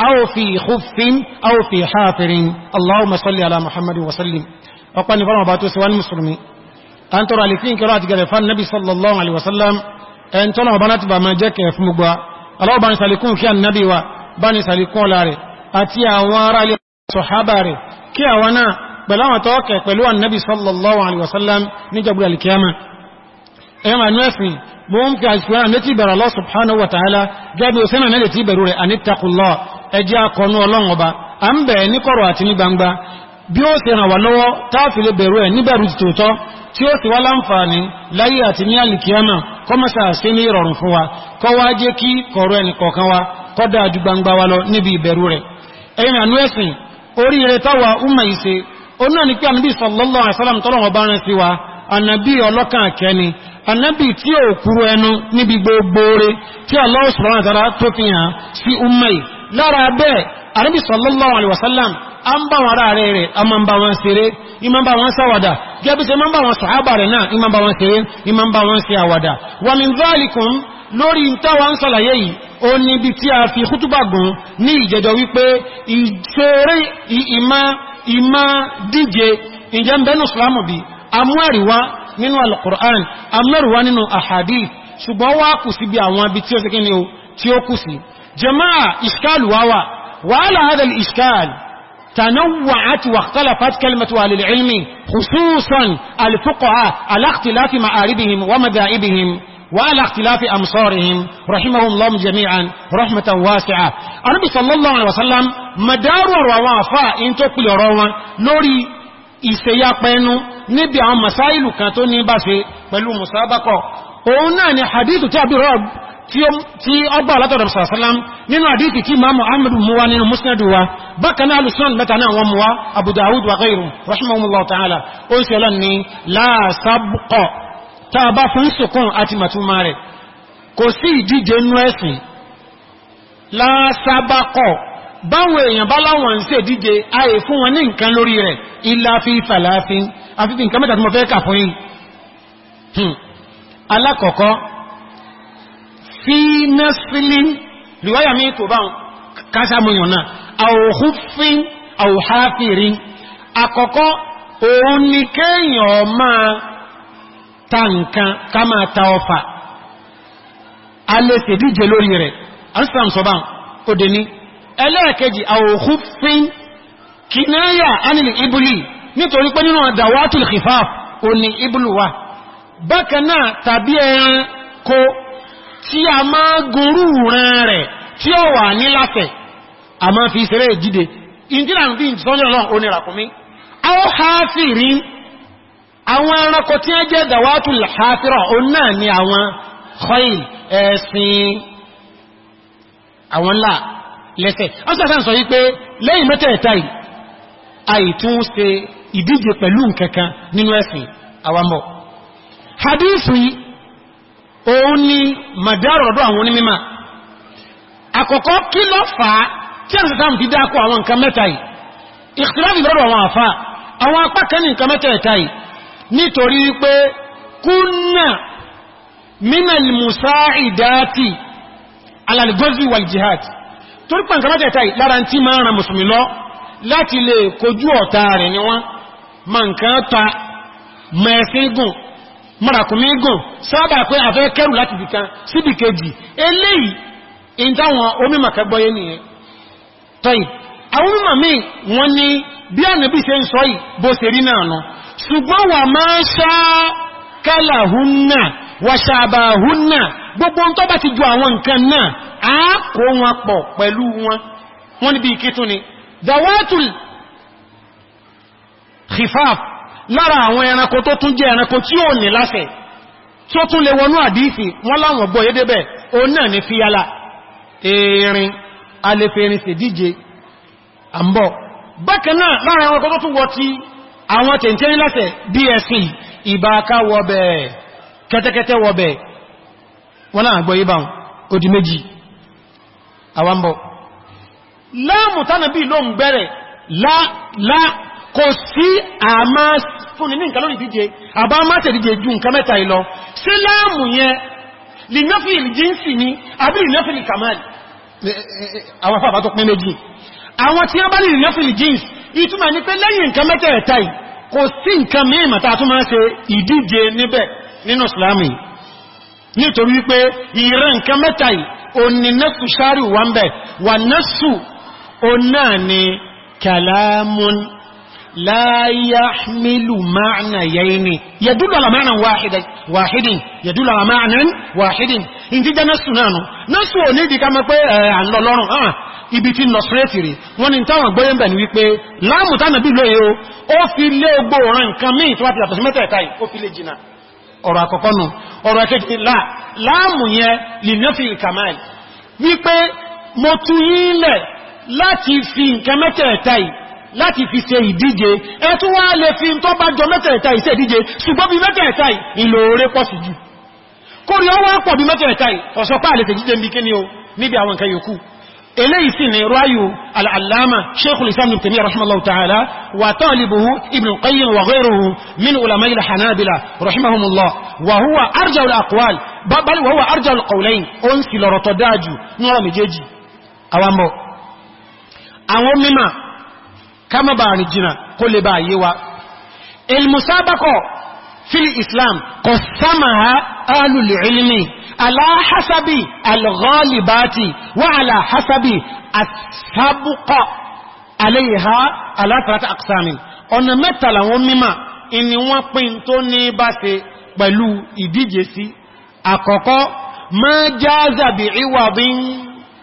أو في خف أو في حافر اللهم صل على محمد وسلم وقال نفرم باتو سوى المسلمي أن ترى لفين كرات قرفان النبي صلى الله عليه وسلم أن ترى بنات بما جاك يفمقوا الله بني سالكون كي النبي وبني سالكون لاري أتي أوارا لصحابة كي أوانا بلا ما توقع قلوا النبي صلى الله عليه وسلم نجبوا الكيامة ẹ̀yàn ma nẹ́sìn mo ń fi àìsíkò ẹ̀rọ létí ìbẹ̀rẹ̀ Allah subhanahu wa ta'ala gẹ́bí o sẹ́nà mẹ́lẹ̀ tí ìbẹ̀rù rẹ̀ ànítakùnlọ́ ẹjẹ́ akọ̀nú ọlọ́run ọba a ń bẹ̀ẹ̀ ní kọ̀rọ̀ àti ní gbangba bí ó ṣe ràn wá lọ́wọ́ táàfilé bẹ̀rù ẹ̀ níbẹ̀rù tòótọ́ tí ó sì wá láǹfààní láyé àti ní alìkíyàmà kọmọ́sà sí ní ìrọ̀rùn fún wa kọ́ wá jẹ́ kí kọ̀rọ̀ ẹnì kọ̀ọ̀kan wa kọ́ dáa ju gbangba wa lọ níbi ìbẹ̀rù rẹ̀ ẹ̀yìn àánú ẹ̀sìn oríire táwa umma ìṣe onú ẹni pé ànàbí sallallahu alaihi tọ́lọ̀ wọn bá rán sí wa ànàbí ọlọ́kàn akẹni anábì tí ó kúrò ẹnu níbi gbogbo rẹ̀ tí Allah subhanahu wa ta'ala tó fi hàn sí ummai lára bẹ́ẹ̀ anábì sallallahu alaihi wasallam an bá wọn ara rẹ̀ rẹ̀ a ma ń bá wọn ṣeré ima ń bá wọn ṣàwàdà gẹ́bí ṣe ma ń ima ima ń bá wọn ṣe wa lórí táwọn ń sọ̀làyé yìí ó níbi tí a fi kútùbà gùn ní ìjẹjọ wípé ìṣeré ìmá díje ìjẹ́ ń bẹ́nu sùlámù bí amú ẹ̀rí wá nínú al-Qur'an amẹ́rùwá nínú ahadith ṣùgbọ́n wá kù sí bí àwọn ibi tí ó sẹ́kẹ́ ni ó tí ó kù sí jama'a iskalu wawa wa ala hadha al-iskal تنوعت واختلفت كلمة أهل العلم خصوصا الفقهاء على اختلاف معاربهم ومذائبهم وعلى اختلاف أمصارهم رحمهم الله جميعا رحمة واسعة النبي صلى الله عليه وسلم مدار روافا انتو كل روا نوري ìṣẹ́yàpẹ́nu níbi àwọn masáìlù kan tó ní bá ṣe pẹ̀lú musabakọ̀ òun náà ni hadithu tí àbúrò tí ó gbà látọ̀dọ̀ sàásálám nínú àdíkì tí máa muhammadu muwa nínú musnadu wa bákan náà alùsùn mẹ́ta náà wọn muwa abu dawud wa ghayru rahimahumullahu ta'ala ó sì ọlọ́n ni láàsábùkọ̀ báwọn èèyàn bá láwọn ń ṣe díje ayè fún wọn ní nǹkan lórí rẹ̀ ilá fi fàláfin afífin nǹkan mẹ́ta tí mo fẹ́ kà fún yìí hmm. alákọ̀ọ́kọ́ fi nẹ́sílín ríwáyà mi tó bá kásámúyàn náà àwòhúfin àwòháfìrin àkọ́kọ́ òun ni ẹlẹ́ẹ̀kejì àwòkúfin kìnáyà anìlì ibùlì nítorí pé nínú àdàwátùl khifaf ò ní ibùlù wa bákanáà tàbí ẹran kó tí a máa gorú rán rẹ̀ tí ó wà ní láfẹ̀ a máa fi ìṣẹ́rẹ́ ìjíde ìdílànà bí ìtọ́jọ́ náà ó nira kùnmí àwọn hafìrí lẹ́sẹ̀. Ọ́sàtàn sọ wípé lẹ́yìn mẹ́tẹ̀ẹ̀ta àìtún ṣe ìdíje pẹ̀lú nǹkankan nínú ẹ̀sìn àwamọ̀. Hadithu yìí, òun ni màdárọ̀dọ̀ àwọn onímímà. Àkọ́kọ́ kí ló fà á tí àṣàtàn fi dákọ jihad torí pàǹkà mẹ́tẹ̀ẹ̀ta lára tí máa ran mùsùlùmí lọ láti lè kojú ọ̀tá rẹ̀ ni wọ́n ma nǹkan ta mẹ́ẹ̀sígùn marakùnmígùn sábà pé àfẹ́ kẹrù láti bìkan síbì kejì eléyìí in táwọn onímọ̀kẹgbọ́yé nìyẹn tọ́yì àwọn mímọ̀mí wọ́n ní bí ànàbí wàṣàbà húnnà gbogbo tó bá ti ju àwọn nǹkan náà a kó wọn pọ̀ pẹ̀lú wọn wọ́n níbi ìkítún ni dawatul khifaf lára àwọn ẹranko tó tún jẹ́ ẹranko tí ó ní láṣẹ tí ó tún lè wọnú àdífì wọ́n láwọn gbọ́ yédébẹ̀ o náà ní fíyálà erin alẹ́fẹ́rin sì díje àmbọ̀ bákanáà lára àwọn ẹranko tó tún wọ ti àwọn tẹ̀ntẹ́rin láṣẹ bí ẹ̀sìn kẹ́tẹ́kẹ́tẹ́ wọ̀bẹ̀ wọ́n náà gbọ́ ibà ó di méjì àwambọ̀ láàmù tánàbí ló ń gbẹ̀rẹ̀ lá kò sí àmá fúnni ní nǹkan lórí díje àbá máṣe díje ju nǹkan mẹ́ta ìlọ sí láàmù yẹn lè ìlìjínsì ni àbí ìlọ́fì ìkàmáàlì àwọn afáfà tó pín méjì àwọn tí wọ́n bá lè nọ́fì ìlìjínsì ìtumọ̀ ní pé lẹ́yìn nǹkan mẹ́tẹ̀ẹ̀ta kò sí nǹkan mìíràn nínú islami nítorí wípé ìran nǹkan mẹ́ta yìí òní nẹ́sù sáàrì wà ń bẹ̀ wà nẹ́sù o náà ni kalamun la yahmilu ma'na yayni yadullu ala ma'na wahidin wahidin yadullu ala ma'na wahidin in ti jẹ́ náà nù ibi tí lọ rí wọ́n ni táwọn gbọ́yẹ́ ń bẹ̀ ní wípé láàmù tánàbí lóye o ó fi lé ogbò ọ̀ràn nǹkan míì tó wá ti yàtọ̀ mẹ́tẹ̀ẹ̀ta yìí ó fi lé jìnà ọ̀rọ̀ àkọ́kọ́ nù ọ̀rọ̀ akẹ́kẹ́ láà láàmù yẹn lìnàfí ìkàmáì wípé mo tú yílẹ̀ láti fi nǹkan mẹ́tẹ̀ẹ̀ta yìí láti fi ṣe ìdíje ẹ̀tún wá lè fi tó bá jọ mẹ́tẹ̀ẹ̀ta yìí ṣe ìdíje ṣùgbọ́n bí mẹ́tẹ̀ẹ̀ta yìí ìlò oore pọ̀ eléyìí sì ni ráyù al'allama sheikhul islam ibn tamiya rahimallahu ta'ala wa talibuhu ibn qayyim wa ghayruhu min ulama ila hanabila rahimahumullah wa huwa arja al'aqwal bal wa huwa arja al'qawlain on si lọ́rọ̀ tó dájú ní ọ̀rọ̀ méjèèjì àwọn mọ̀ kama bá rìn jìnà kó lè bá yé wa ilmusabakọ̀ fílì islam kò sámàá alùlùilmi aláhásábì alghọ́lìbáti wà aláhásábì àtàbùkọ́ aléyìhá aláfàtà àksámi ọ̀nà mẹ́tàlá wọn mímà ìní wọ́n pín tó ní bá ṣe pẹ̀lú ìdíje sí àkọ́kọ́ ma jáàzàbì ìwàbín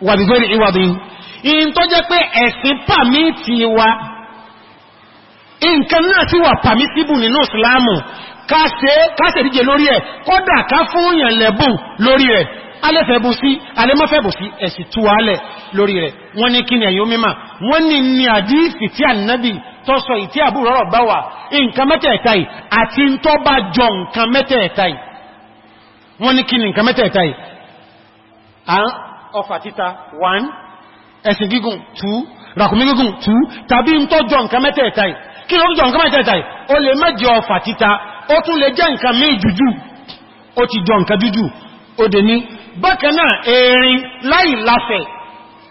wàbígbèrè ìwàbín in tó jẹ́ pé ẹ̀sìn pàmítì wa nǹkan náà sí wà pàmítìbù nínú ìsìlámù káṣẹ̀ díje lórí ẹ̀ kọ́dà ká fún yàn lẹ́bùn lórí rẹ̀ alẹ́fẹ́bù sí alẹ́mọ́fẹ́bù sí ẹ̀sì túwálẹ̀ lórí rẹ̀ wọ́n ní kí ni ẹ̀yọ́ mímọ̀ wọ́n ní ní àdífì tí ànábì tó sọ ìtí àbúrọ̀rọ̀ bá wà nǹkan mẹ́tẹ̀ẹ̀ta yìí àti ń tọ́ bá jọ nǹkan mẹ́tẹ̀ẹ̀ta yìí wọ́n ní kí ni nǹkan mẹ́tẹ̀ẹ̀ta yìí ó tún lè jẹ́ nǹkan mí jùjú ó ti jọ nǹkan jùjú ó dè ní bákan náà erin láì láfẹ̀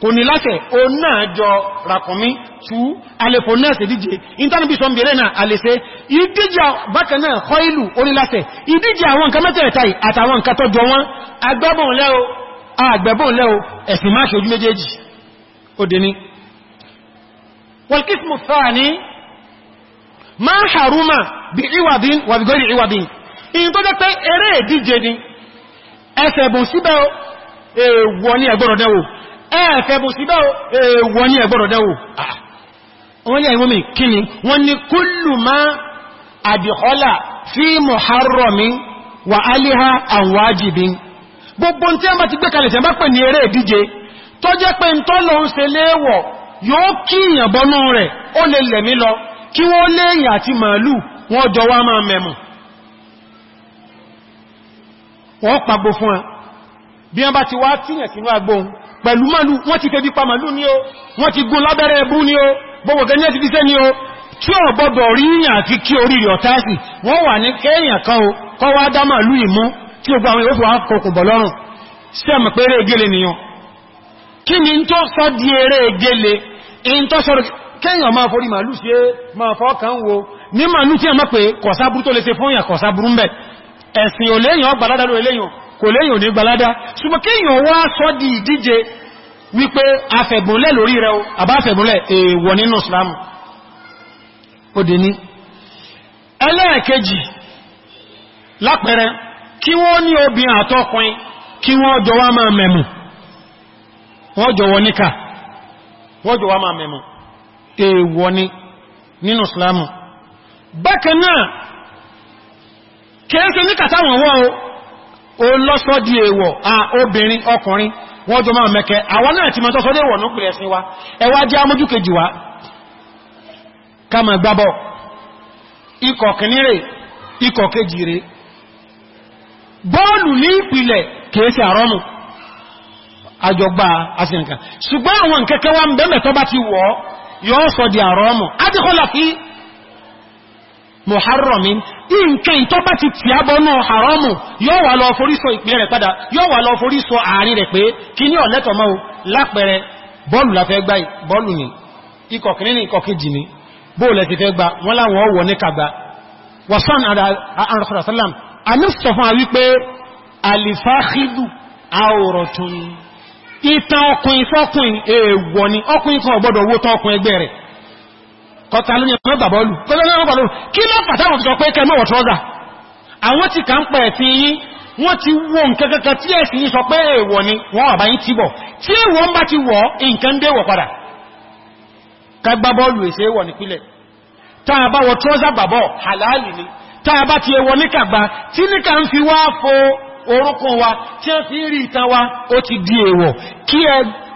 kò ní láfẹ̀ ó náà jọ ràkùnmí tú alẹ́fò náà sì díje ìntánibí sọ mbèrè náà alẹ́sẹ́ ìdíje bákan náà kọ́ ìlú oníláfẹ̀ ìdíje àwọn nǹkan mẹ́tẹ̀ẹ̀ta àtàwọn nǹkan tó jọ wọn agbẹ́bùn lẹ́o ẹ̀sìn máa ṣojú méjèèjì ó dè ní thani ma haruma bí ìwàdín wà bí gọ́rì ìwàdín in tó jẹ́ pé eré ìdíje ni ẹfẹ̀bùn síbẹ̀ èèwọ̀ ní ẹgbọ́rọ̀ dẹ́wò ẹfẹ̀bùn síbẹ̀ èèwọ̀ ní ẹgbọ́rọ̀ dẹ́wò wọ́n ní àìwọ́mí kíni wọ́n ní kullu ma àdìkọ́là fi muharrami wà aliha an wajibin gbogbo tí a bá ti gbé kí wọ́n léyìn àti màálù wọ́n jọ wá máa mẹ́mù wọ́n pàgbò fún ẹ bí wọ́n bá ti wá tíyàn sínú agbóhun pẹ̀lú màálù wọ́n ti fẹ́ bí pa màálù ní o wọ́n ti gún lábẹ́rẹ́ ẹbú ní o gbogbo gẹ́ni ti díṣẹ́ ní o tí ò bọ́bọ̀ ríyàn kéèyàn máa forí màálù sí é máa fọ́ọ̀kan wo ní màálù tí a mọ́ pé kọ̀sáburú tó lè ṣe fún ìyà kọ̀sáburú ń bẹ̀ ẹ̀sìn ò léèyàn gbalada ló léèyàn kò léèyàn ní gbalada ṣùgbọ́n kéèyàn wá sọ di ìdíje wípé afẹ̀gúnlẹ̀ lórí rẹ̀ o àbá afẹ̀gúnlẹ̀ èèwọ̀ nínú wọ́n jọ wá máa wọ́n jọ wọ́n máa mẹ̀mù èèwọ̀ ni nínú islamu bákan náà kẹ́ẹ̀kẹ́ ní kàtàwọn wọ́n o lọ́sọ́ di èèwọ̀ a obìnrin ọkùnrin wọ́n jọ máa mẹ́kẹ́ àwọn náà ti mọ́tọ́ sọ́dẹ̀ wọ̀nú pẹ̀lẹ̀ sí wa ẹwà jẹ́ amójú kejì kama gbábọ̀ ikọ̀ yóò sọ di àrọ́mù adìkọ́lá fi muharramin nǹkan ìtọ́bá ti tí a bọ́nú haramu yóò wà lọ forí sọ ìpín rẹ̀ padà yóò wà lọ forí sọ àárín rẹ̀ pé kí ní ọ̀lẹ́tọ̀ mọ́ lápẹẹrẹ bọ́ọ̀lù la fẹ́ gbá bọ́ọ̀lù ni ikọ̀kìní ni ikọ̀kìjì ni bóòlẹ̀ ti ìtàn ọkùnrin fọ́kùnrin èèwọ̀ ni ọkùnrin kan ọ̀gbọ́dọ̀ owó tán ọkùnrin ẹgbẹ́ rẹ̀ kọta ló ní ọmọ bàbọ́lù kọlọ́lọ́rọ̀ kí ló pàtàkì ọ̀tọ̀ pé kẹ mọ́wọ̀ trọ́zà àwọn ti kà ń pẹ̀ ẹ̀fì yín wọ́n ti wọ nkẹ́kẹ́kẹ́ tí ẹ̀sì yí sọ pé èèwọ̀ ni wọ́n wà bá yí tí bọ̀ tí ń bá ti èèwọ̀ fo orúkún wa tí wọ́n fi ń rí ìtàn wa ó ti di èèwọ̀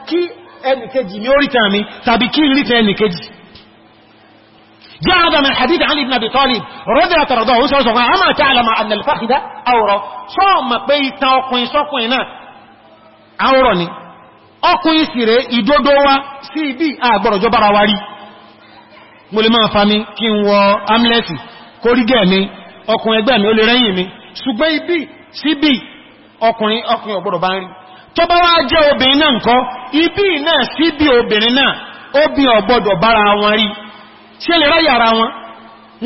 kí ẹnìkejì ní oríta mi tàbí kí ìrítà ẹnìkejì جاء هذا من حديث علي بن ابي طالب رضي الله عنه وسوى سوى اما تعلم ان الفخذ اورا صوم بيت اوكوين سوكوين نا اورا ني اوكوين سيره ìdodo wa sí ibi agboro jo bara wa ri mo lè máa fa mi kí n wọ amleti ko mi okun ẹgbẹ́ mi ó lè rẹ́yìn mi ṣùgbọ́n ibi síbí ọkùnrin ọkùnrin ọgbọ́dọ̀ bá ń rí tó bá wá jẹ́ obìnrin náà nǹkan ibi náà síbí obìnrin náà obìn ọgbọ́dọ̀ bára wọn rí ṣe lè ráyà ara wọn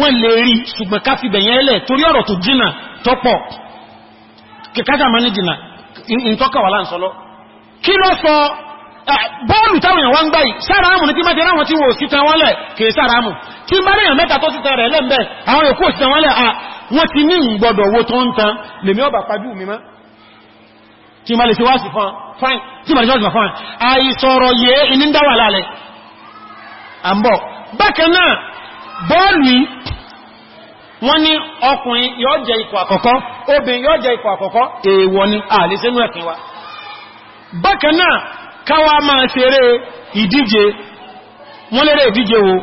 wọ́n lè rí ṣùgbọ́n bẹ̀yẹn ẹlẹ̀ torí ọ̀rọ̀ tó jìnà tó pọ̀ mọ́ ní jìnà láǹsọ́lọ́ kí ló sọ Eh, bọ́ọ̀lù táwọn èèyàn wá ń gbáyìí sáraàmù ní kí mẹ́jẹ ráwọn tí wọ́n òsìtàn wọ́n lẹ̀ kìí sáraàmù kí mẹ́rìyàn mẹ́ta tó sítàn rẹ̀ lẹ́m̀bẹ̀ àwọn èkó òsìtàn wọ́n lẹ̀ à wọ́n ti ní ìgbọ̀dọ̀ wo tó ń tan lèmi ọba pàjú mi mọ́ tí fine tí ma lè ṣe fún àìsọ̀rọ̀ yẹ iní ń dáwà lálẹ̀ àmbọ̀ bákan náà bọ́ọ̀lù wọ́n ní ọkùnrin yóò jẹ ikọ̀ àkọ́kọ́ obìnrin yóò jẹ ikọ̀ àkọ́kọ́ èèwọ̀ káwà máa ṣeré ìdíje wọ́n lérè ìdíje wo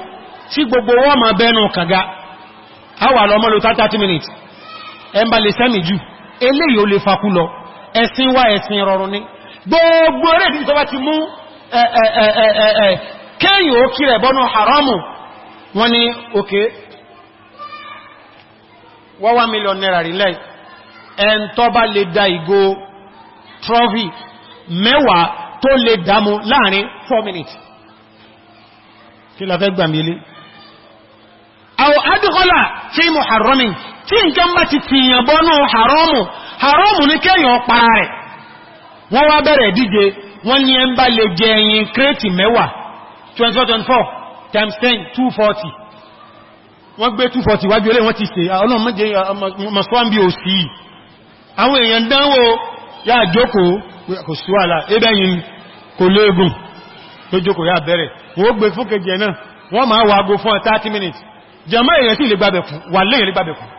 tí gbogbo wọ́n máa bẹnu kàga àwà lọ mọ́lò 30 minutes ẹmbà lè sẹ́mì jù eléyìí ó lè fakú lọ ẹ̀sìn wá ẹ̀sìn rọrùn ní gbogbo eré ìdíje wá ti mú kéyìn haramu wọ́n ní òkè wọ́n wá mílíọ̀n náírà rí lẹ́yìn tó lè dámú láàrin 4 minutes kí la fẹ́ gbàmí ilé àwọn adìkọ́lá tí mọ̀ haramin tí nǹkan bá ti fìyàn bọ́nú haramu haramu ní kẹ́yàn para rẹ̀ wọ́n wá bẹ̀rẹ̀ díje wọ́n ni ẹn bá jẹ mẹ́wàá 24 times 10 240 wọ́n gbé 240 wájú olè ah, ah, say jókòó kò léegun lójókò yá bẹ̀rẹ̀ wọ́n gbé fún kejì ẹ̀nà wọ́n máa wà fún 30 minutes jẹmọ́ èyàn tí lè gbàbẹ̀ fún wà léyìn lè gbàbẹ̀ fún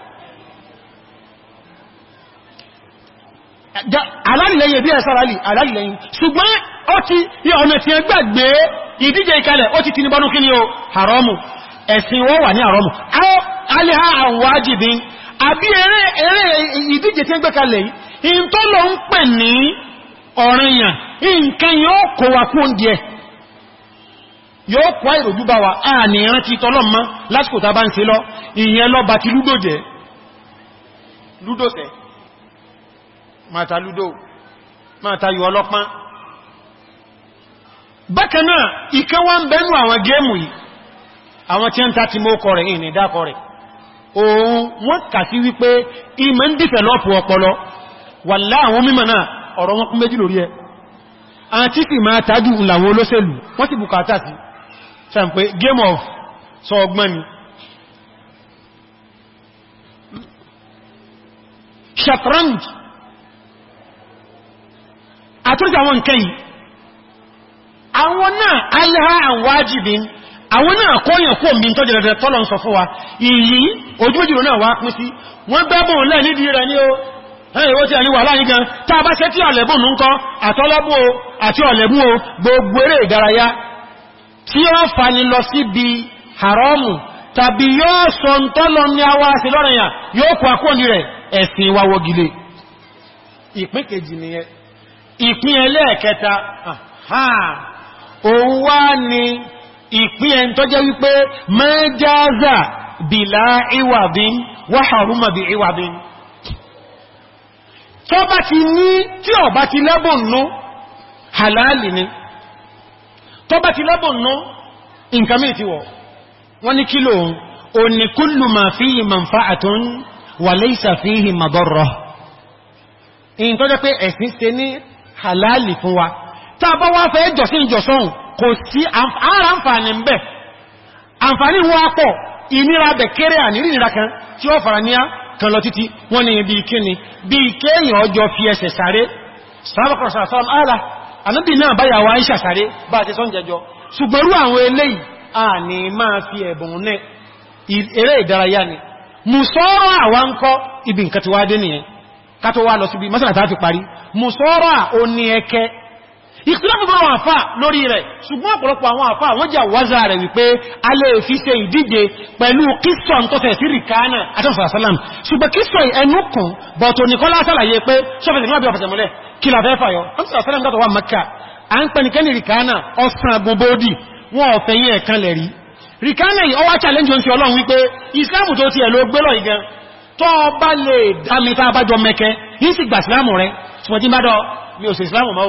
alálìlẹ́yìn bí ẹ̀sára ṣùgbọ́n ó ti ọ̀nà tí ìdíje ìkalẹ̀ ó ti ti kí ni o haramu ẹ̀sìn wọ́n wà ní haramu ere idije àbí eré ìdíje tí yìí ọ̀ranyàn nǹkan yóò kó wa kó oúnjẹ yóò kó àìròjú bá wa a ní lásìkò tàbá ń lọ ìyẹn lọ bá ti lúdò jẹ́ lúdò tẹ́ mata lúdò mata yọ ọlọ́pán bákanáà wá ń àwọn àwọn tí ń ta ti mọ́ kọrẹ̀ ìní dákọrẹ̀ òun wọ́n kà mímọ̀ náà ọ̀rọ̀ wọn kún méjì lórí ẹ àti sì máa tájú ìlàwọ̀ olóṣèlú wọ́n sì bùkátà sí sàn pé game of sọ ọgbọ́n ni shatranj àtúrùsí àwọn nǹkan yìí àwọn náà aláha àwájìbí àwọn náà kọ́yàn kó mi tó jẹ́rẹ̀dẹ̀ tọ́lọ̀ ń sọ fún wa ìyí ojú méjìlò náà wá pín sí wọ́n gbábọ̀ lẹ́ nídìí rẹ̀ ní o ẹ̀yìn ó ti ẹ̀yìn wà láyín gan tá bá ṣe tí ọ̀lẹ̀bùn ń kọ́ àtọ́lọ́bù o àti ọ̀lẹ̀bùn o gbogbo eré ìdárayá tí ó fani lọ sí bí haramu tàbí yóò sọ ń tọ́lọ ní awá sí lọ́rìnyà yóò tó bá ti ní tí ó bá ti lẹ́bùn nú halali ni tó bá ti lẹ́bùn nú nǹkan mìí ti wọ̀ wọ́n ní kílò o ní kullu ma fihi manfa'atun wa laysa fihi madarrah in tó jẹ́ pé ẹ̀sìn ṣe ní halali fún wa tá kan lọ títí wọ́n ní bí kíni bí kéèyàn ọjọ́ fi ẹsẹ̀ sáré sábàkọ̀ sàfàm ààlà ànábì náà báyà wá ìṣà sáré bá ti sọ́n jẹjọ ṣùgbọ́rú àwọn eléyìí a ní máa fi ẹ̀bùn ní eré ìdárayá ni musọ́rọ̀ ìtìlọ́pù bọ́rọ̀ àfà lórí rẹ̀ ṣùgbọ́n ọ̀pọ̀lọpọ̀ àwọn àfà wọ́n jà wáza rẹ̀ wípé a lè fi ṣe ìdíje pẹ̀lú kíṣọ̀ tó tẹ̀ sí rìkánà àtọ́sàsálàm ṣùgbọ́n kíṣọ̀ ẹnu kan bọ̀tò nìkọ́lá sàlàyé pé ṣọ́fẹ̀sìnkọ́lá tọ́ bá lè dámi tàbájọ mẹ́kẹ́ yìí sì gbà ìsìlámù rẹ̀ ṣùgbọ́n tí bá dọ́ mi ò sí ìsìlámù máa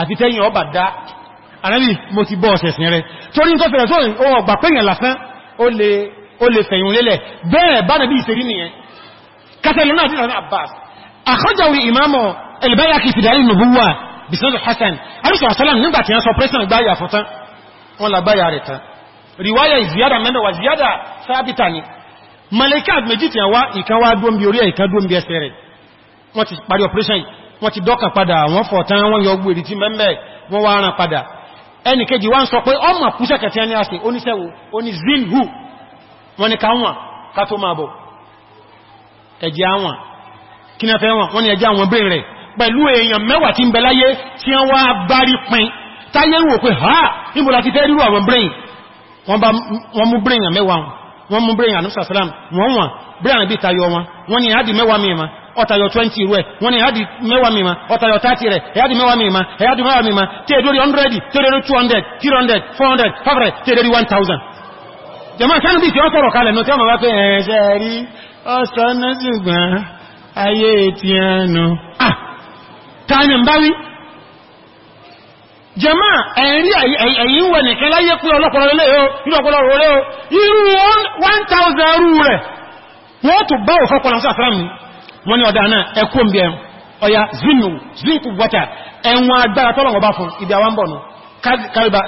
àti tẹ́yìn ọba dá anábì mo ti bọ́ ọ̀sẹ̀ ìsìn rẹ̀ torí tó fẹ̀rẹ̀ sóòrìn ohun ọgbà pẹ́yìn lásán ó lè fẹ̀yìn lélẹ̀ bẹ́ẹ̀ bá nàbí ìsẹ̀rí nìyẹn katalina àti ìrànà abbas àkọjáwì ìmáàmù al-Bayhaqi fìdárí nùbúwà bisnadu hassan alìsọ̀ àsálàm nígbà tí wọ́n sọ pẹ́sàn gbáyà fún tán wọ́n la gbáyà rẹ̀ tán riwaya ziyada wa ziyada sábìtà ni malaika méjì tí wọ́n wá ìkan wá dúnbí orí ẹ̀ operation wọ́n ti dọ́kà padà wọ́n fọ̀tán wọ́n yọ gbèrè tí mẹ́mẹ́ wọ́n wá rán padà ẹni kejì wá ń sọ pé ọmọ púṣẹ́kẹ̀ tí ní àṣẹ oníṣẹ́wò oní zinhu wọ́n ni ká wọ́n ká tó máa bọ̀ ẹjẹ́ àwọn kí ní ẹfẹ́ wọn wọ́n ni ẹjẹ́ àwọn bèèrè rẹ̀ pẹ̀lú èèyàn mẹ́wàá tí ń bẹ láyé tí wọ́n wá bárí pin táyé wò pé ha níbo láti fẹ́ rírò àwọn brain wọ́n mú brain mẹ́wàá wọ́n mú brain ànúsàsálàm wọ́n wọ́n brain bí tayọ wọn wọ́n ni àádì mẹ́wàá mìíràn ọ̀tàyọ̀ 20 rẹ̀ wọ́n ni ẹ̀yàdì mẹ́wàá mímá ọ̀tàyọ̀ 30 rẹ̀ ẹ̀yàdì mẹ́wàá mímá ẹ̀yàdì mẹ́wàá mímá tẹ́ẹ̀dórí 100 tẹ́ẹ̀dórí 200 300 400 500 tẹ́ẹ̀dórí 1000 jẹmọ́ sánú bí tí ó sọ̀rọ̀ kalẹ̀ náà tí ó máa wá pé ẹ̀ṣẹ́ rí ọ̀sánà ṣùgbọ́n ayé ti ẹnu ah tààmì ń bá wí jẹmọ́ ẹ̀rí ẹ̀yìn wẹ̀ nìkan láyé pé ọlọ́pọ̀lọ́ lé o irú ọpọlọ́rọ̀ lé o irú 1000 rú rẹ̀ wọ́n tó bá òfọ́pọ̀lọ́ wọ́n ní ọ̀dá náà ẹkùn bí ẹ̀rùn ọya zinu zinku wata ẹ̀wọ̀n agbára tọ́lọ̀ wọ́n bá fún ibi àwọn bọ̀nù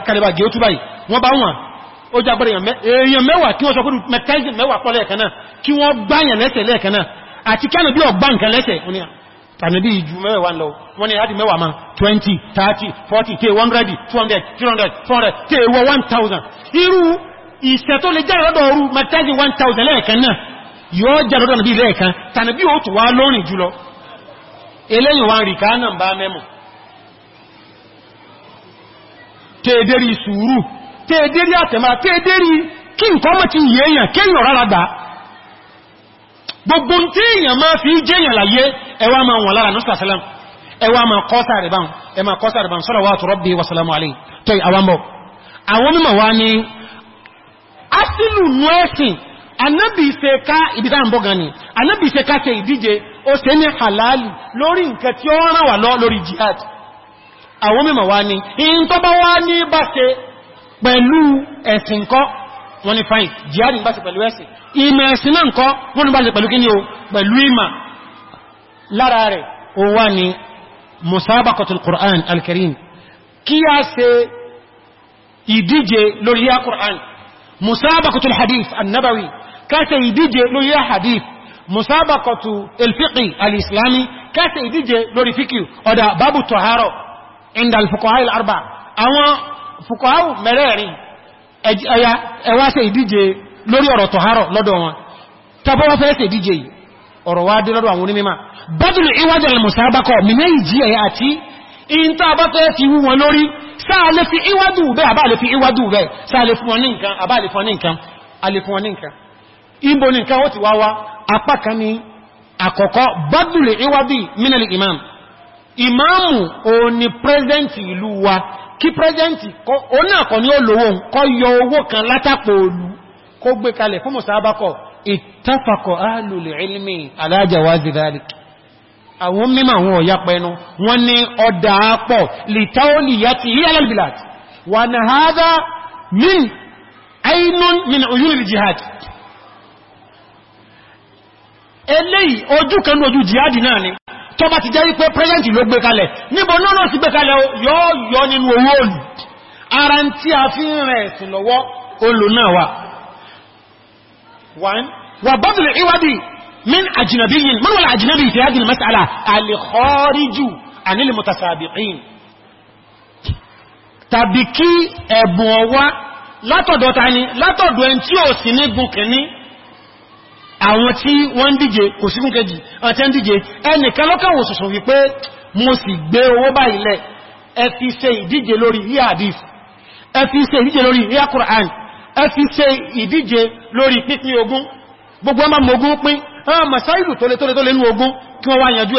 kàrìbà gẹ̀ ó túbáyì wọ́n bá wọn ó jágbọ́rẹ̀ èèyàn mẹ́wàá kí wọ́n sọ pé mẹ́tẹ́sì mẹ́wàá pọ́ lẹ́ẹ̀kan náà kí wọ́n gbáyàn lẹ́sẹ̀ lẹ́ẹ̀kan náà àti kẹ́nà bí ọgbá nǹkan lẹ́sẹ̀ tàbí ìjú mẹ́wàá lọ wọ́n ni láti mẹ́wàá máa 20 30 40 tí 100 200 300 400 tí 1000 irú ìṣẹ́ tó lè jẹ́ náà yóò jẹ́ lọ́dọ̀ nàbí lẹ́ẹ̀kan tànàbí ó tù wá lórin jùlọ eléyìn wá rí káà náà bá mẹ́mù tẹ́ẹ̀dẹ́rí sùúrù tẹ́ẹ̀dẹ́rí àtẹ̀mà tẹ́ẹ̀dẹ́rí kí nǹkan mọ́ ti yẹ̀yàn kéyàn rárá gbà gbogbo tí èyàn máa fi jẹ́yàn láyé ẹwà máa wọ̀n lára nọ́sà sálám ẹwà máa kọ́sà rẹ̀bán ẹmà kọ́sà rẹ̀bán salawatu rabbi wa salamu alayhi tọ́yì àwọn mọ̀ àwọn mímọ̀ wá ní asìlù nú anábì ìṣe ká ìbíta ń bọ́gan ni anábì ìṣe ṣe ìdíje ó ṣe ní halali lórí nǹkan tí ó ràn wà lọ lórí jihad àwọn mímọ̀ wá ní in tó bá wá ní bá ṣe pẹ̀lú ẹ̀sìn kọ́ wọ́n ni fine jihad ń bá ṣe pẹ̀lú ẹ̀sìn ìmọ̀ ẹ̀sìn náà kọ́ wọ́n ni bá ṣe Qur'an al-Karim kí a ṣe ìdíje lórí ya Qur'an musabaqatul hadith annabawi káṣe ìdíje lórí hadith musabakọtù ilfiqi al-islami káṣe ìdíje lórí fíkì ọ̀dà babu tọ̀hárọ̀ inda al-fuqaha al-arba àwọn fuqaha mẹ́rẹ̀ẹ̀rin ẹwà ṣe ìdíje lórí ọ̀rọ̀ tọ̀hárọ̀ lọ́dọ̀ wọn tàbọ́wọ́ fẹ́ ṣe ìdíje yìí ọ̀rọ̀ wá dé lọ́dọ̀ àwọn onímọ̀ bọ́dùlù ìwájọ́ al-musabakọ̀ mìíràn ìjì ẹ̀yà àti ìntà bá fẹ́ fi wú wọn lórí sáà lè fi ìwádùú bẹ́ àbá lè fi ìwádùú bẹ́ sáà fún wọn ní nǹkan àbá fún wọn ní nǹkan ìbò ní nǹkan wọ́n ti wá wá apákan ní àkọ́kọ́ bádùlẹ̀ ìwádì mínàlì imam imamu o ni pẹ́sẹ̀ntì ìlú wa kí pẹ́sẹ̀ntì o náà kọ́ ní ó lówó kọ́ yọ owó kan látàpọ̀ olú kó gbé kalẹ̀ fún mùsàbákọ̀ ìtafakọ̀ alùlẹ̀ ilmi alájàwázì dhalik àwọn mímọ̀ àwọn ọ̀yá min ainun min jihad eléyìí ojú kanú ojú jihadi náà ni tó bá ti jẹ́ wípé president ló gbé kalẹ̀ níbo lọ́nà sí gbé kalẹ̀ yóò yọ nínú owó òlù ara ń tí a fi ń rẹ̀ ẹ̀sìn lọ́wọ́ olù náà wà wà ìwádìí min àjìnàbí yìí mọ́wàlá àjìnàbí ìfẹ́ àjìnà masala alìkọ́ríjù ànílì mutasabiqin tàbí kí ẹ̀bùn ọwá látọ̀dọ̀ ta ni látọ̀dọ̀ ẹn tí ò sí ní àwọn tí wọ́n díje kò síkún kejì àti ẹn díje ẹnìkan lọ́kànwò sọ̀sọ̀ wípé mo sì gbé owó báyìí lẹ̀ ẹ fi ìdíje lórí rí hadith ẹ fi ìdíje lórí rí Qur'an ẹ fi ṣe ìdíje lórí pínpín ogún gbogbo ọmọ mogun pín ọmọ masáìlù tó lé tó lé tó lé ní ogún kí wọ́n wá yanjú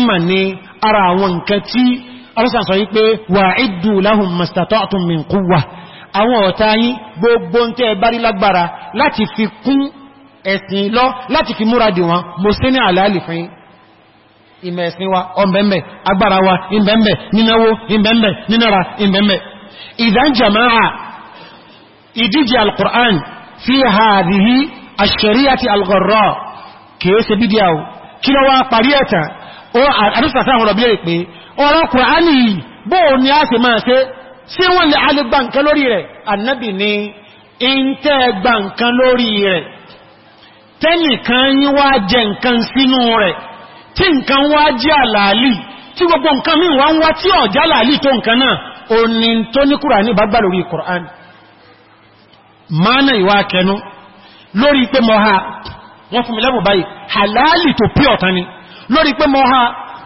ẹ̀ ara àwọn ọlọ́sàn sọ wípé wà ìdù láhùn mastatọ́tún min kúwà àwọn ọ̀tá yín gbogbo ń tẹ́ bá rí lágbára láti fi kún ẹ̀sìn lọ láti fi múra dì wọn mo sí ní àlàálì fún ìmẹ̀ ẹ̀sìn wa ọmọbẹ̀mẹ̀ agbára wa ìmẹ̀mẹ̀ nínáwó ìmẹ̀mẹ̀ nínára ìmẹ̀mẹ̀ ìdán jama'a ìdíje al-Qur'an fi hadhihi ash-shari'ati al bídíà kí lọ wá parí ẹ̀tà ó àdúsàtà àwọn ọ̀rọ̀ bí i pé ọ̀rọ̀ kùránì bóò ni a sì máa ṣe sí wọ́n lè alìgbà nǹkan lórí rẹ̀ annabi ni in gbà nǹkan lórí rẹ̀ yí wá jẹ nǹkan sínú rẹ̀ tí nǹkan wá jẹ́ àlàálì tí gbogbo nǹkan wá ń wá tí àlàálì tó nǹkan náà o tó ní kùránì bá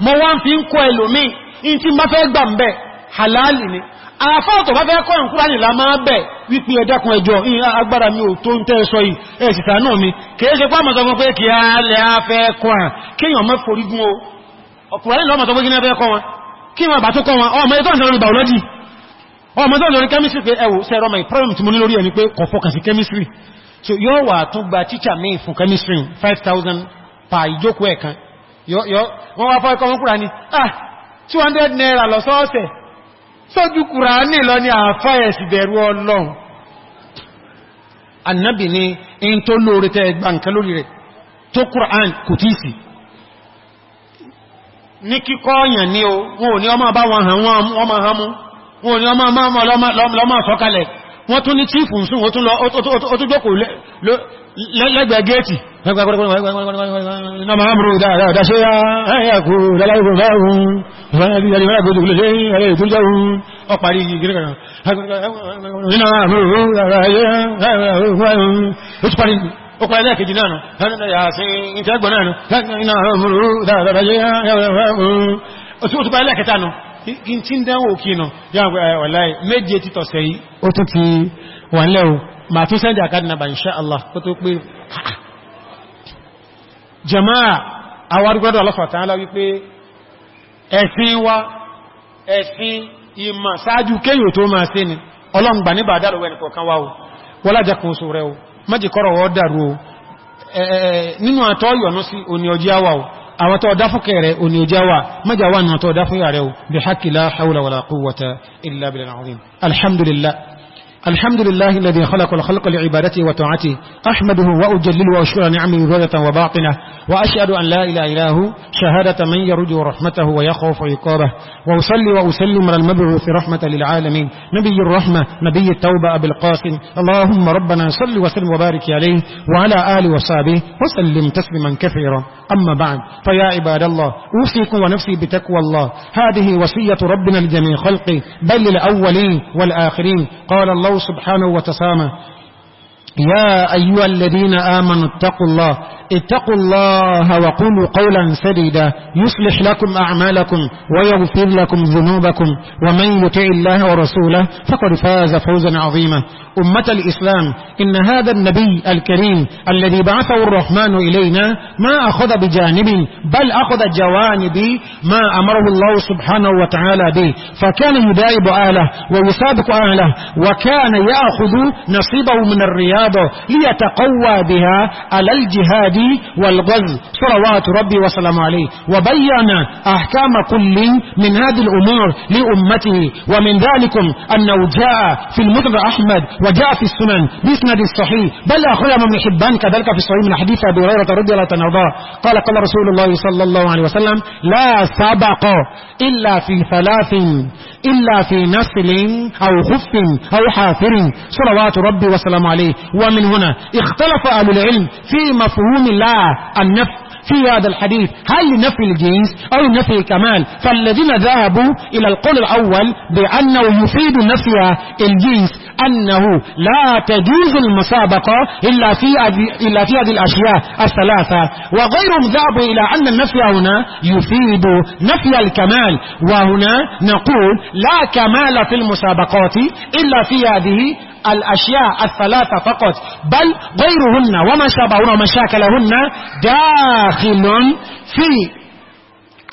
mọ́ wá fi ń kọ́ ẹlòmí in tí bá fẹ́ gbà ń bẹ̀ halali ni àfáàtọ̀ bá fẹ́ kọ́ ìkúránì la máa bẹ̀ wípé ẹ̀dẹ́kun ẹjọ́ agbára mi ò tó ń tẹ́ẹ̀sọ yìí ẹ̀sìta mi kìí ṣe pàmọ̀ sọ fún pé kí a lẹ́ a fẹ́ kọ́ à kíyàn mọ́ forígún o ọkùnrin lọ́mọ̀ sọ problem tí mo ní lórí ẹni chemistry so yóò wà tún gba teacher mi fún chemistry 5000 pa ìjókòó ẹ̀kan wọ́n wá fọ́ ẹkọ́ wọn Kùránì ah 200 naira lọ sọ́ọ̀sẹ̀ sójú Kùránì lọ ní àfá ẹ̀sì bẹ̀rù Ọlọ́run annabi ni in tó lóore tẹ́ ẹgbà nǹkan lórí rẹ̀ tó Kùránì kò tí sí ní kíkọ́ ọ̀yàn ní o wọn ò ní ọmọ lẹ́gbẹ̀ẹ́ gẹ́ẹ̀tì ọ̀pá ẹlẹ́kejì náà ẹ̀rẹ́dẹ̀yà sí ìtẹ́gbọ̀n náà iná ọmọrú dáadáa jẹ́ ọ̀tún òtúpa ẹlẹ́kẹta náà kí n tí ń dánwò kí náà yáwọn ọ̀láì méje títọ̀sẹ̀ yìí ó tún ti wà lẹ́wọ̀ ma tún sẹ́ndì àkádìna bá insha Allah kó tó pé jama'a awárúgbọ́dọ̀ alọ́fàtà ńlá wípé ẹ̀sìn wa ẹ̀sìn ìmọ̀ sáájú kéyò tó máa sí ni ọlọ́ngbà níbà dárò ẹni kọ̀ọ̀kan wá o wọ́lájàkùn sọ rẹ o mẹ́jì kọ́rọ̀ wọ́ dárò o nínú àtọ́ yọ̀nú sí oní ọjí àwà o àwọn tọ́ dáfún kẹrẹ oní ọjí àwà الحمد لله الذي خلق الخلق لعبادته وطاعته أحمده وأجلل وأشكر نعمه ظاهرة وباطنة وأشهد أن لا إله إلا هو شهادة من يرجو رحمته ويخوف عقابه وأصلي وأسلم على المبعوث رحمة للعالمين نبي الرحمة نبي التوبة أبي القاسم اللهم ربنا صل وسلم وبارك عليه وعلى آله وصحبه وسلم تسليما كثيرا أما بعد فيا عباد الله أوصيكم ونفسي بتقوى الله هذه وصية ربنا لجميع خلقه بل للأولين والآخرين قال الله الله سبحانه وتسامى يا أيها الذين آمنوا اتقوا الله اتقوا الله وقولوا قولا سديدا يصلح لكم أعمالكم ويغفر لكم ذنوبكم ومن يطع الله ورسوله فقد فاز فوزا عظيما أمة الإسلام إن هذا النبي الكريم الذي بعثه الرحمن إلينا ما أخذ بجانب بل أخذ جوانب ما أمره الله سبحانه وتعالى به فكان يدايب أهله ويسابق أهله وكان يأخذ نصيبه من الرياضة ليتقوى بها على الجهاد الهدي والبذ صلوات ربي وسلامه عليه وبين أحكام كل من هذه الأمور لأمته ومن ذلكم أنه جاء في المدر أحمد وجاء في السنن بإسناد الصحيح بل أخويا من حبان كذلك في الصحيح من حديث أبي هريرة رضي الله عنه قال قال رسول الله صلى الله عليه وسلم لا سبق إلا في ثلاث إلا في نسل أو خف أو حافر صلوات ربي وسلامه عليه ومن هنا اختلف أهل العلم في مفهوم الله النفس في هذا الحديث هل لنفي الجنس أو لنفي الكمال فالذين ذهبوا إلى القول الأول بأنه يفيد نفي الجنس أنه لا تجوز المسابقة إلا في إلا في هذه الأشياء الثلاثة وغير الذهب إلى أن النفي هنا يفيد نفي الكمال وهنا نقول لا كمال في المسابقات إلا في هذه الأشياء الثلاثة فقط بل غيرهن وما شابهن وما شاكلهن داخل في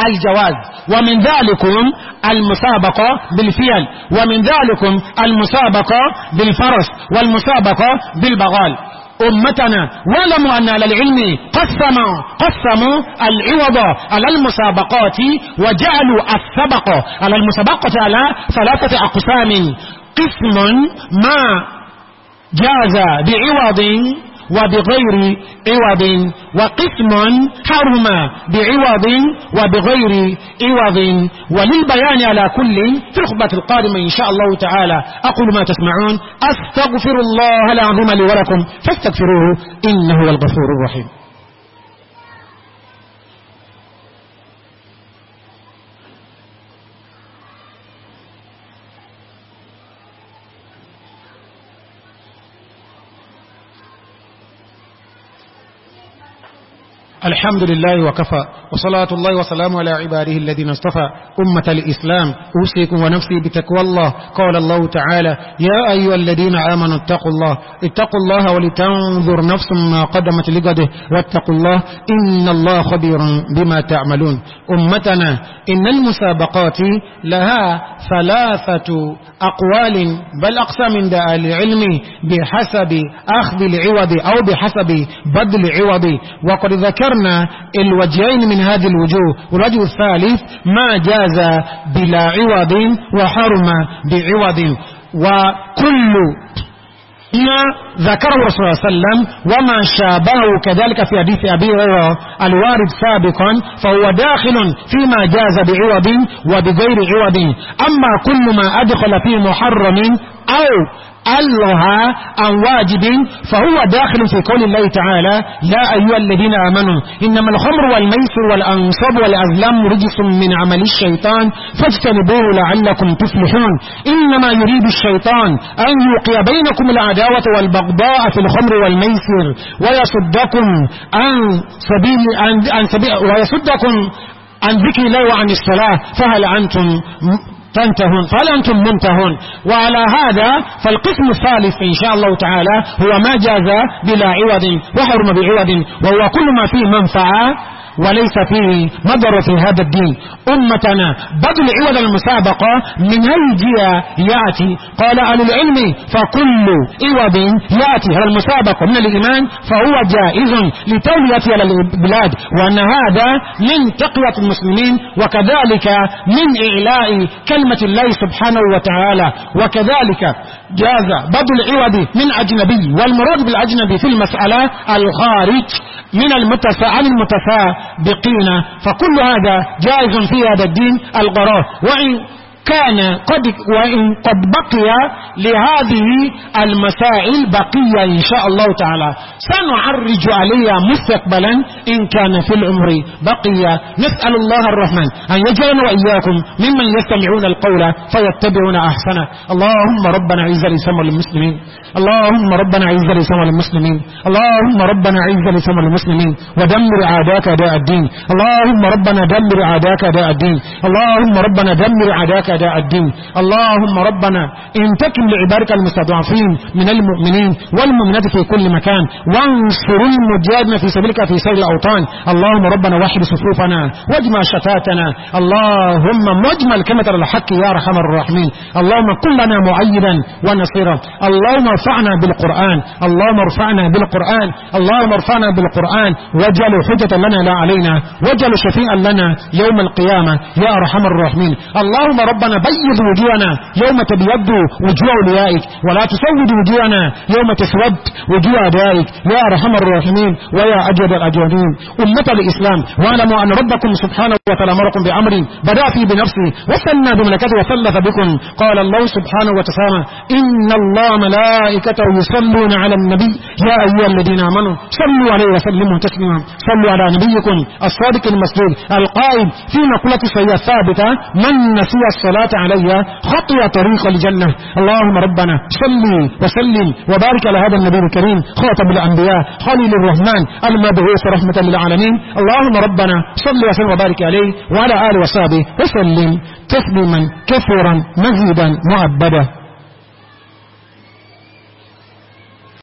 الجواز ومن ذلكم المسابقة بالفيل ومن ذلكم المسابقة بالفرس والمسابقة بالبغال أمتنا واعلموا أن للعلم قسموا قسموا العوض على المسابقات وجعلوا السبق على المسابقة على ثلاثة أقسام قسم ما جاز بعوض وبغير عوض وقسم حرم بعوض وبغير عوض وللبيان على كل في الخطبة القادمة إن شاء الله تعالى أقول ما تسمعون أستغفر الله العظيم لي ولكم فاستغفروه إنه هو الغفور الرحيم الحمد لله وكفى وصلاة الله وسلام على عباده الذين اصطفى أمة الإسلام أوصيكم ونفسي بتقوى الله قال الله تعالى يا أيها الذين آمنوا اتقوا الله اتقوا الله ولتنظر نفس ما قدمت لقده واتقوا الله إن الله خبير بما تعملون أمتنا إن المسابقات لها ثلاثة أقوال بل من دعا العلم بحسب أخذ العوض أو بحسب بدل عوض وقد ذكر ذكرنا الوجهين من هذه الوجوه والوجه الثالث ما جاز بلا عوض وحرم بعوض وكل ما ذكره رسول الله صلى الله عليه وسلم وما شابهه كذلك في حديث أبي هريرة الوارد سابقا فهو داخل فيما جاز بعوض وبغير عوض أما كل ما أدخل في محرم أو الله عن واجب فهو داخل في قول الله تعالى يا أيها الذين آمنوا إنما الخمر والميسر والأنصاب والأزلام رجس من عمل الشيطان فاجتنبوه لعلكم تفلحون إنما يريد الشيطان أن يوقي بينكم العداوة والبغضاء في الخمر والميسر ويصدكم عن سبيل, عن, عن سبيل ويصدكم عن ذكر الله وعن الصلاة فهل أنتم تنتهون قال أنتم منتهون وعلى هذا فالقسم الثالث إن شاء الله تعالى هو ما جاز بلا عوض وحرم بعوض وهو كل ما فيه منفعة وليس فيه نظر في هذا الدين أمتنا بدل عوض المسابقة من أي يأتي قال أهل العلم فكل عوض يأتي هذا المسابقة من الإيمان فهو جائز لتولية على البلاد وأن هذا من تقوى المسلمين وكذلك من إعلاء كلمة الله سبحانه وتعالى وكذلك جاز بدل عوض من أجنبي والمراد بالأجنبي في المسألة الخارج من المتساءل المتساءل بقينا فكل هذا جائز في هذا الدين القرار وإن كان قد وإن قد بقي لهذه المسائل بقية إن شاء الله تعالى سنعرج عليها مستقبلا إن كان في العمر بقية نسأل الله الرحمن أن يجعلنا وإياكم ممن يستمعون القول فيتبعون أحسنه اللهم ربنا عز الإسلام والمسلمين اللهم ربنا عز الإسلام والمسلمين اللهم ربنا عز الإسلام والمسلمين ودمر أعداءك أداء الدين اللهم ربنا دمر أعداءك أداء الدين اللهم ربنا دمر أعداءك أداء الدين اللهم ربنا انتكم لعبادك المستضعفين من المؤمنين والمؤمنات في كل مكان وانصر المجادنا في سبيلك في سبيل الأوطان اللهم ربنا وحد صفوفنا واجمع شفاتنا اللهم مجمل كلمة الحق يا أرحم الراحمين اللهم كن لنا معيدا ونصيرا اللهم ارفعنا بالقرآن اللهم ارفعنا بالقرآن اللهم ارفعنا بالقرآن واجعل حجة لنا لا علينا واجعل شفيئا لنا يوم القيامة يا أرحم الراحمين اللهم ربنا ربنا بيض وجوهنا يوم تبيض وجوه أوليائك ولا تسود وجوهنا يوم تسود وجوه أدائك يا أرحم الراحمين ويا أجود الأجودين أمة الإسلام واعلموا أن ربكم سبحانه وتعالى أمركم بأمر بدأ فيه بنفسه وسنى بملكته وثلث بكم قال الله سبحانه وتعالى إن الله ملائكته يصلون على النبي يا أيها الذين آمنوا صلوا عليه وسلموا تسليما صلوا على نبيكم الصادق المسجود القائد في مقولة سيئة ثابتة من نسي الصلاة الصلاة عليها خطوة طريق الجنة اللهم ربنا صلي وسلم وبارك على هذا النبي الكريم خاتم الأنبياء خليل الرحمن المبعوث رحمة للعالمين اللهم ربنا صل وسلم وبارك عليه وعلى آله وصحبه وسلم تسليما كثيرا مزيدا معبدا